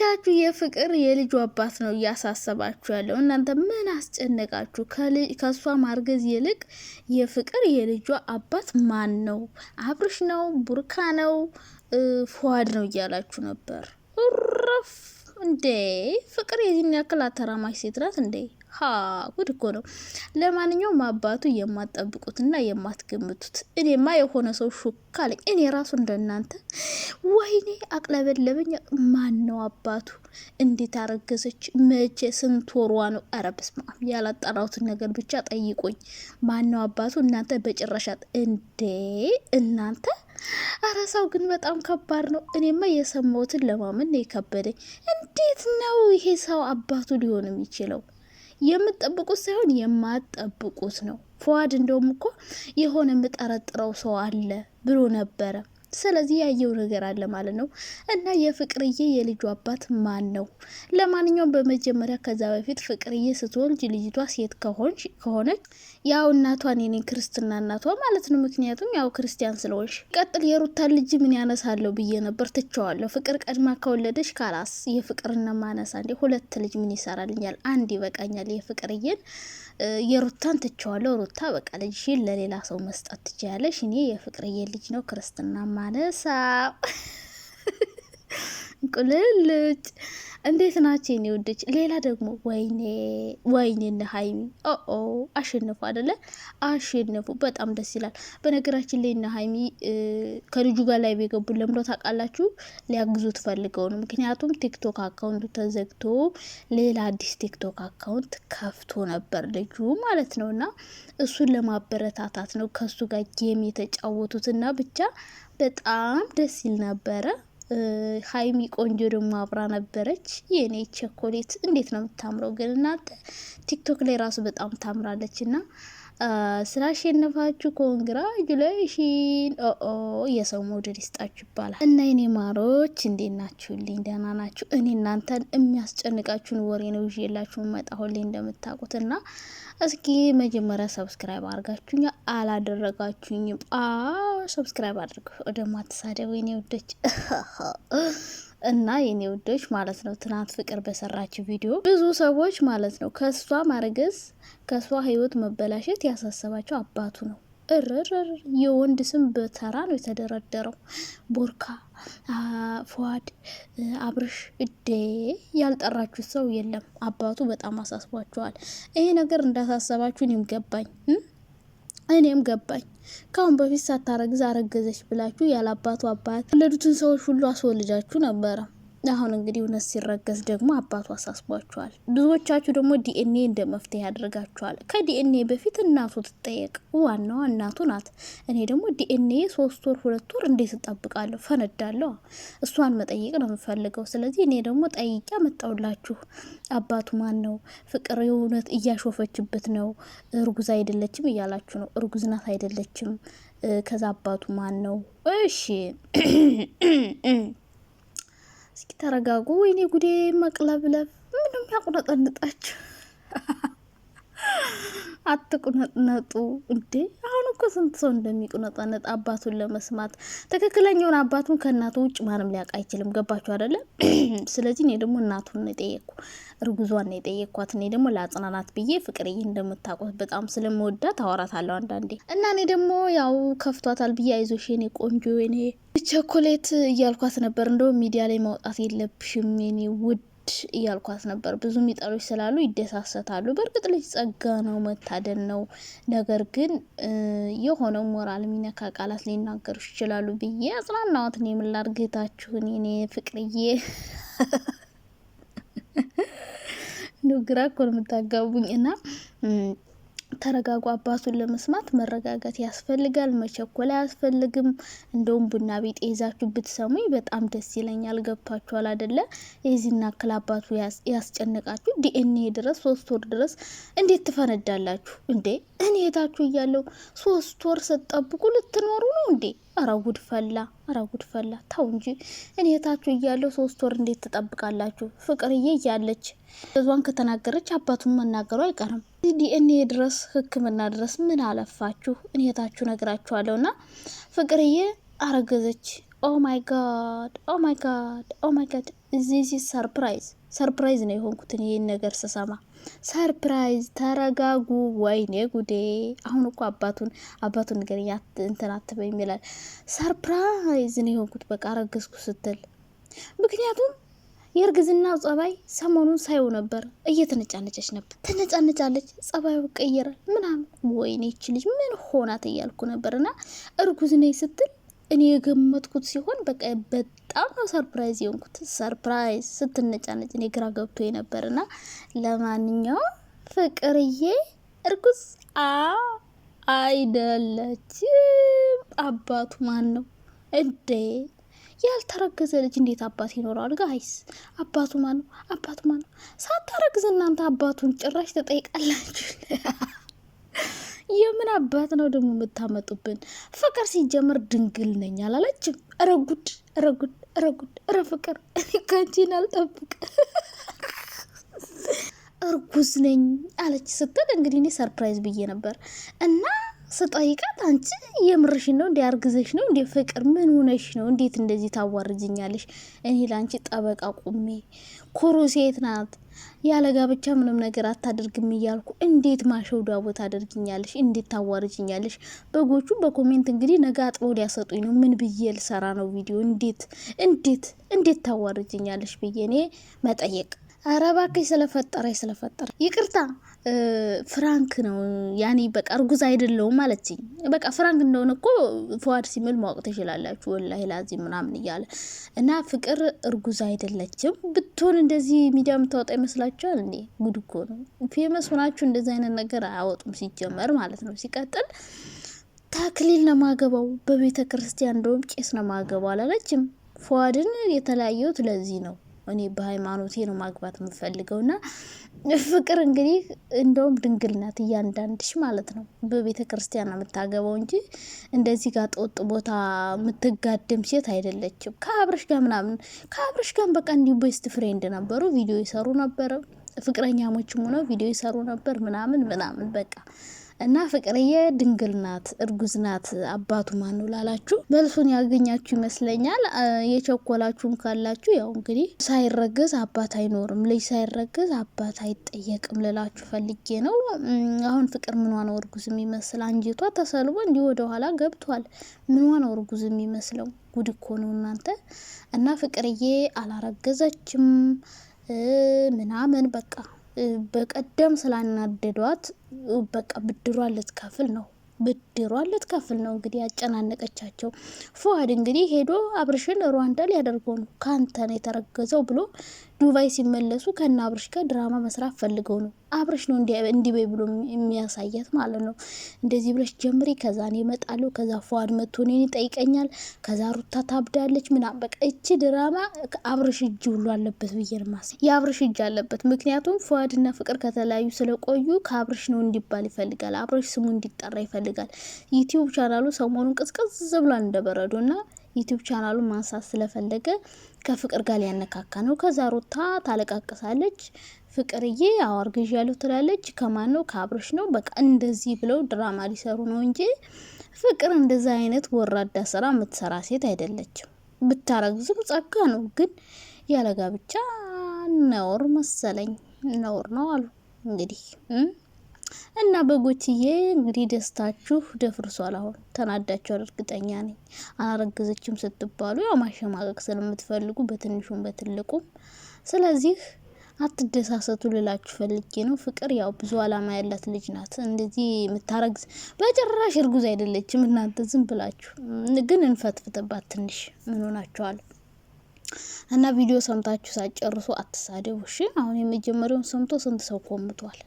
ብቻችሁ የፍቅር የልጁ አባት ነው እያሳሰባችሁ ያለው። እናንተ ምን አስጨነቃችሁ? ከእሷ ማርገዝ ይልቅ የፍቅር የልጁ አባት ማን ነው? አብርሽ ነው? ቡርካ ነው? ፏድ ነው እያላችሁ ነበር። ረፍ እንዴ! ፍቅር የዚህን ያክል አተራማሽ ሴት ናት እንዴ? ሀ ጉድ እኮ ነው። ለማንኛውም አባቱ የማትጠብቁትና የማትገምቱት እኔማ የሆነ ሰው ሹካ አለኝ። እኔ ራሱ እንደናንተ ወይኔ አቅለበለበኝ። ማን ነው አባቱ? እንዴት አረገዘች? መቼ? ስንት ወሯ ነው? ኧረ በስመ አብ! ያላጠራሁትን ነገር ብቻ ጠይቆኝ። ማን ነው አባቱ? እናንተ በጭራሻት እንዴ! እናንተ አረ ሰው ግን በጣም ከባድ ነው። እኔማ የሰማሁትን ለማመን ነው የከበደኝ። እንዴት ነው ይሄ ሰው አባቱ ሊሆን የሚችለው? የምትጠብቁት ሳይሆን የማትጠብቁት ነው። ፈዋድ እንደውም እኮ የሆነ የምጠረጥረው ሰው አለ ብሎ ነበረ። ስለዚህ ያየው ነገር አለ ማለት ነው። እና የፍቅርዬ የልጁ አባት ማን ነው? ለማንኛውም በመጀመሪያ ከዛ በፊት ፍቅርዬ ስትወልጅ ልጅቷ ሴት ከሆነች ያው እናቷን የኔ ክርስትና እናቷ ማለት ነው። ምክንያቱም ያው ክርስቲያን ስለሆንሽ ቀጥል። የሩታን ልጅ ምን ያነሳለሁ ብዬ ነበር ትቸዋለሁ። ፍቅር ቀድማ ከወለደች ካላስ የፍቅርና ማነሳ እንዴ ሁለት ልጅ ምን ይሰራልኛል? አንድ ይበቃኛል። የፍቅርዬን የሩታን ትቸዋለሁ። ሩታ በቃ ልጅሽን ለሌላ ሰው መስጠት ትችያለሽ። እኔ የፍቅርዬን ልጅ ነው ክርስትና ማነሳ ቁልልጭ እንዴት ናቸው የኔ ውዶች? ሌላ ደግሞ ወይኔ ወይኔን ሀይሚ ኦ አሸነፉ አደለ? አሸነፉ። በጣም ደስ ይላል። በነገራችን ላይ እነ ሀይሚ ከልጁ ጋር ላይ የገቡት ለምዶ ታውቃላችሁ፣ ሊያግዙት ፈልገው ነው። ምክንያቱም ቲክቶክ አካውንቱ ተዘግቶ ሌላ አዲስ ቲክቶክ አካውንት ከፍቶ ነበር ልጁ ማለት ነው። እና እሱን ለማበረታታት ነው ከሱ ጋር ጌም የተጫወቱትና ብቻ በጣም ደስ ይል ነበረ። ሀይሚ ቆንጆ ደግሞ አብራ ነበረች። የእኔ ቸኮሌት እንዴት ነው የምታምረው ግን እናንተ! ቲክቶክ ላይ ራሱ በጣም ታምራለች እና ስላሸነፋችሁ ኮንግራጁሌሽን ኦኦ የሰው መውደድ ይስጣችሁ ይባላል። እና የኔ ማሮች እንዴት ናችሁልኝ? ደህና ናችሁ? እኔ እናንተን የሚያስጨንቃችሁን ወሬ ነው ይዤላችሁ እንደምታውቁት። እንደምታውቁትና እስኪ መጀመሪያ ሰብስክራይብ አድርጋችሁኛ አላደረጋችሁኝም? ሰብስክራይብ አድርገው ወደማትሳደ ወይኔ ውደች እና የኔ ውዶች ማለት ነው ትናንት ፍቅር በሰራችው ቪዲዮ ብዙ ሰዎች ማለት ነው ከእሷ ማርገዝ ከእሷ ህይወት መበላሸት ያሳሰባቸው አባቱ ነው። እርርር የወንድ ስም በተራ ነው የተደረደረው። ቦርካ፣ ፏድ፣ አብርሽ እዴ ያልጠራችሁት ሰው የለም። አባቱ በጣም አሳስቧቸዋል። ይሄ ነገር እንዳሳሰባችሁ እኔም ገባኝ። እኔም ገባኝ። ከአሁን በፊት ሳታረግዝ አረገዘች ብላችሁ ያላባቱ አባት ወለዱትን ሰዎች ሁሉ አስወልጃችሁ ነበረ። አሁን እንግዲህ እውነት ሲረገዝ ደግሞ አባቱ አሳስቧቸዋል። ብዙዎቻችሁ ደግሞ ዲኤንኤ እንደ መፍትሄ ያደርጋቸዋል። ከዲኤንኤ በፊት እናቱ ትጠየቅ፣ ዋናዋ እናቱ ናት። እኔ ደግሞ ዲኤንኤ ሶስት ወር ሁለት ወር እንዴት እጠብቃለሁ? ፈነዳለሁ። እሷን መጠየቅ ነው የምፈልገው። ስለዚህ እኔ ደግሞ ጠይቄ አመጣሁላችሁ። አባቱ ማን ነው? ፍቅር የእውነት እያሾፈችበት ነው። እርጉዝ አይደለችም እያላችሁ ነው። እርጉዝ ናት አይደለችም። ከዛ አባቱ ማን ነው? እሺ እስኪ ተረጋጉ። ወይኔ ጉዴ መቅለብለብ ምንም ያቁነጠንጣችሁ አትቁነጥነጡ እንዴ! እኮ ስንት ሰው እንደሚቁነጠነጥ አባቱን ለመስማት ትክክለኛውን አባቱን ከእናቱ ውጭ ማንም ሊያውቅ አይችልም። ገባችሁ አደለ? ስለዚህ እኔ ደግሞ እናቱን ነው የጠየቅኩ፣ እርጉዟን ነው የጠየቅኳት። እኔ ደግሞ ለአጽናናት ብዬ ፍቅርዬ እንደምታውቋት በጣም ስለመወዳት አወራታለሁ አንዳንዴ እና እኔ ደግሞ ያው ከፍቷታል ብዬ አይዞሽ የኔ ቆንጆ የኔ ቸኮሌት እያልኳት ነበር። እንደው ሚዲያ ላይ ማውጣት የለብሽም የኔ ውድ ውድ እያልኳት ነበር። ብዙ ሚጠሎች ስላሉ ይደሳሰታሉ። በእርግጥ ልጅ ጸጋ ነው፣ መታደል ነው። ነገር ግን የሆነው ሞራል የሚነካ ቃላት ሊናገሩ ይችላሉ ብዬ አጽናናዋት። ነው የምላር ላድርግ እህታችሁን እኔ ፍቅርዬ ግራ እኮ ነው የምታጋቡኝ እና ተረጋጉ አባቱን ለመስማት መረጋጋት ያስፈልጋል። መቸኮል አያስፈልግም። እንደውም ቡና ቤት ይዛችሁ ብትሰሙኝ በጣም ደስ ይለኛል። ገብቷችኋል አደለ? የዚህና ክል አባቱ ያስጨነቃችሁ ዲኤንኤ ድረስ ሶስት ወር ድረስ እንዴት ትፈነዳላችሁ እንዴ? እኔ የታችሁ እያለው ሶስት ወር ስጠብቁ ልትኖሩ ነው እንዴ? አራጉድ ፈላ አራጉድ ፈላ። ተው እንጂ እኔ የታችሁ እያለው ሶስት ወር እንዴት ትጠብቃላችሁ? ፍቅርዬ እያለች እዟን ከተናገረች አባቱን መናገሩ አይቀርም። ዲኤንኤ ድረስ ህክምና ድረስ ምን አለፋችሁ እኔታችሁ ነግራችኋለሁ። ና ፍቅርዬ አረገዘች። ኦ ማይ ጋድ፣ ኦ ማይ ጋድ፣ ኦ ማይ ጋድ። እዚህ ሰርፕራይዝ ሰርፕራይዝ ነው የሆንኩትን ይህን ነገር ስሰማ ሰርፕራይዝ። ተረጋጉ። ወይኔ ጉዴ! አሁን እኮ አባቱን አባቱን ነገር እንትን አትበይም ይላል። ሰርፕራይዝ ነው የሆንኩት በቃ አረገዝኩ ስትል ምክንያቱም የእርግዝና ጸባይ ሰሞኑን ሳይው ነበር እየተነጫነጨች ነበር። ተነጫነጫለች፣ ጸባዩ ቀየረ ምናምን። ወይኔ ይች ልጅ ምን ሆናት እያልኩ እና እርጉዝ ነኝ ስትል እኔ የገመትኩት ሲሆን በቃ በጣም ነው ሰርፕራይዝ የሆንኩት። ሰርፕራይዝ ስትነጫነጭ እኔ ግራ ገብቶ እና ለማንኛውም ፍቅርዬ እርጉዝ አ አይደለችም። አባቱ ማን ነው እንዴ? ያልተረገዘ ልጅ እንዴት አባት ይኖረዋል? ጋይስ አባቱ ማን ነው? አባቱ ማን ነው? ሳታረግዝ እናንተ አባቱን ጭራሽ ተጠይቃላችሁ። የምን አባት ነው ደግሞ የምታመጡብን? ፍቅር ሲጀምር ድንግል ነኝ አላለችም። ረጉድ ረጉድ ረጉድ ረ ፍቅር ከንቺን አልጠብቅ እርጉዝ ነኝ አለች ስትል እንግዲህ እኔ ሰርፕራይዝ ብዬ ነበር እና ስጠይቃት አንቺ የምርሽ ነው እንዲ አርግዘሽ ነው እንዲ ፍቅር ምን ሆነሽ ነው? እንዴት እንደዚህ ታዋርጅኛለሽ? እኔ ለአንቺ ጠበቃ ቁሜ ኩሩ ሴት ናት ያለ ጋብቻ ምንም ነገር አታደርግም እያልኩ እንዴት ማሸው ዳቦ ታደርግኛለሽ? እንዴት ታዋርጅኛለሽ? በጎቹ በኮሜንት እንግዲህ ነገ አጥበው ሊያሰጡኝ ነው። ምን ብዬ ልሰራ ነው ቪዲዮ? እንዴት እንዴት እንዴት ታዋርጅኛለሽ ብዬ እኔ መጠየቅ። አረ እባክሽ ስለፈጠረ ይቅርታ ፍራንክ ነው ያኔ በቃ እርጉዝ አይደለውም ማለችኝ። በቃ ፍራንክ እንደሆነ እኮ ፈዋድ ሲምል ማወቅ ትችላላችሁ። ወላሂ ላዚ ምናምን እያለ እና ፍቅር እርጉዝ አይደለችም ብትሆን እንደዚህ ሚዲያ የምታወጣ ይመስላችኋል እንዴ? ጉድ እኮ ነው። ፌመስ ሆናችሁ እንደዚህ አይነት ነገር አያወጡም ሲጀመር ማለት ነው። ሲቀጥል ታክሊል ነው ማገባው በቤተ ክርስቲያን እንደውም ቄስ ነው ማገባው አላለችም። ፈዋድን የተለያየሁት ለዚህ ነው። እኔ በሃይማኖቴ ነው ማግባት የምፈልገው ና ፍቅር እንግዲህ እንደውም ድንግልነት እያንዳንድሽ ማለት ነው። በቤተ ክርስቲያን የምታገባው እንጂ እንደዚህ ጋር ጦጥ ቦታ የምትጋደም ሴት አይደለችም። ከአብረሽ ጋር ምናምን ከአብረሽ ጋር በቃ እንዲሁ ቤስት ፍሬንድ ነበሩ፣ ቪዲዮ ይሰሩ ነበር፣ ፍቅረኛሞችም ሆነው ቪዲዮ ይሰሩ ነበር ምናምን ምናምን በቃ እና ፍቅርዬ ድንግል ናት፣ እርጉዝ ናት፣ አባቱ ማን ነው ላላችሁ መልሱን ያገኛችሁ ይመስለኛል። የቸኮላችሁም ካላችሁ ያው እንግዲህ ሳይረግዝ አባት አይኖርም፣ ልጅ ሳይረግዝ አባት አይጠየቅም ልላችሁ ፈልጌ ነው። አሁን ፍቅር ምኗ ነው እርጉዝ የሚመስል? አንጀቷ ተሰልቦ እንዲህ ወደኋላ ገብቷል። ምኗ ነው እርጉዝ የሚመስለው? ጉድ እኮ ነው እናንተ። እና ፍቅርዬ አላረገዘችም ምናምን በቃ በቀደም ስላናደዷት በቃ ብድሯን ልትከፍል ነው ብድሯን ልትከፍል ነው እንግዲህ ያጨናነቀቻቸው። ፉአድ እንግዲህ ሄዶ አብርሽን ሩዋንዳ ሊያደርገው ነው ከአንተ ነው የተረገዘው ብሎ ዱባይ ሲመለሱ ከነ አብርሽ ጋር ድራማ መስራት ፈልገው ነው። አብርሽ ነው እንዲበይ ብሎ የሚያሳያት ማለት ነው። እንደዚህ ብለሽ ጀምሪ፣ ከዛ እኔ እመጣለሁ፣ ከዛ ፏድ መጥቶ እኔን ይጠይቀኛል፣ ከዛ ሩታ ታብዳለች ምናምን። በቃ እቺ ድራማ አብርሽ እጅ ሁሉ አለበት ብዬ ማስ የማስበው። የአብርሽ እጅ አለበት፣ ምክንያቱም ፏድና ፍቅር ከተለያዩ ስለቆዩ ከአብርሽ ነው እንዲባል ይፈልጋል። አብርሽ ስሙ እንዲጠራ ይፈልጋል። ዩቲዩብ ቻናሉ ሰሞኑን ቅዝቅዝ ብሏል እንደበረዶ እና ዩቲዩብ ቻናሉ ማንሳት ስለፈለገ ከፍቅር ጋር ሊያነካካ ነው። ከዛ ሩታ ታለቃቅሳለች። ፍቅርዬ አዋርግዥ ያለው ትላለች። ከማን ነው? ከአብርሽ ነው። በቃ እንደዚህ ብለው ድራማ ሊሰሩ ነው እንጂ ፍቅር እንደዛ አይነት ወራዳ ስራ የምትሰራ ሴት አይደለችም። ብታረግዝም ጸጋ ነው፣ ግን ያለጋ ብቻ ነውር መሰለኝ ነውር ነው አሉ እንግዲህ እና በጎችዬ እንግዲህ ደስታችሁ ደፍርሷል። አሁን ተናዳችኋል፣ እርግጠኛ ነኝ። አላረገዘችም ስትባሉ ያው ማሸማቀቅ ስለምትፈልጉ በትንሹም በትልቁም። ስለዚህ አትደሳሰቱ ልላችሁ ፈልጌ ነው። ፍቅር ያው ብዙ አላማ ያላት ልጅ ናት። እንደዚህ የምታረግዝ በጭራሽ እርጉዝ አይደለችም። እናንተ ዝም ብላችሁ ግን እንፈትፍትባት ትንሽ። ምን ሆናችኋል? እና ቪዲዮ ሰምታችሁ ሳትጨርሱ አትሳደቡ እሺ። አሁን የመጀመሪያውን ሰምቶ ስንት ሰው ኮምቷል።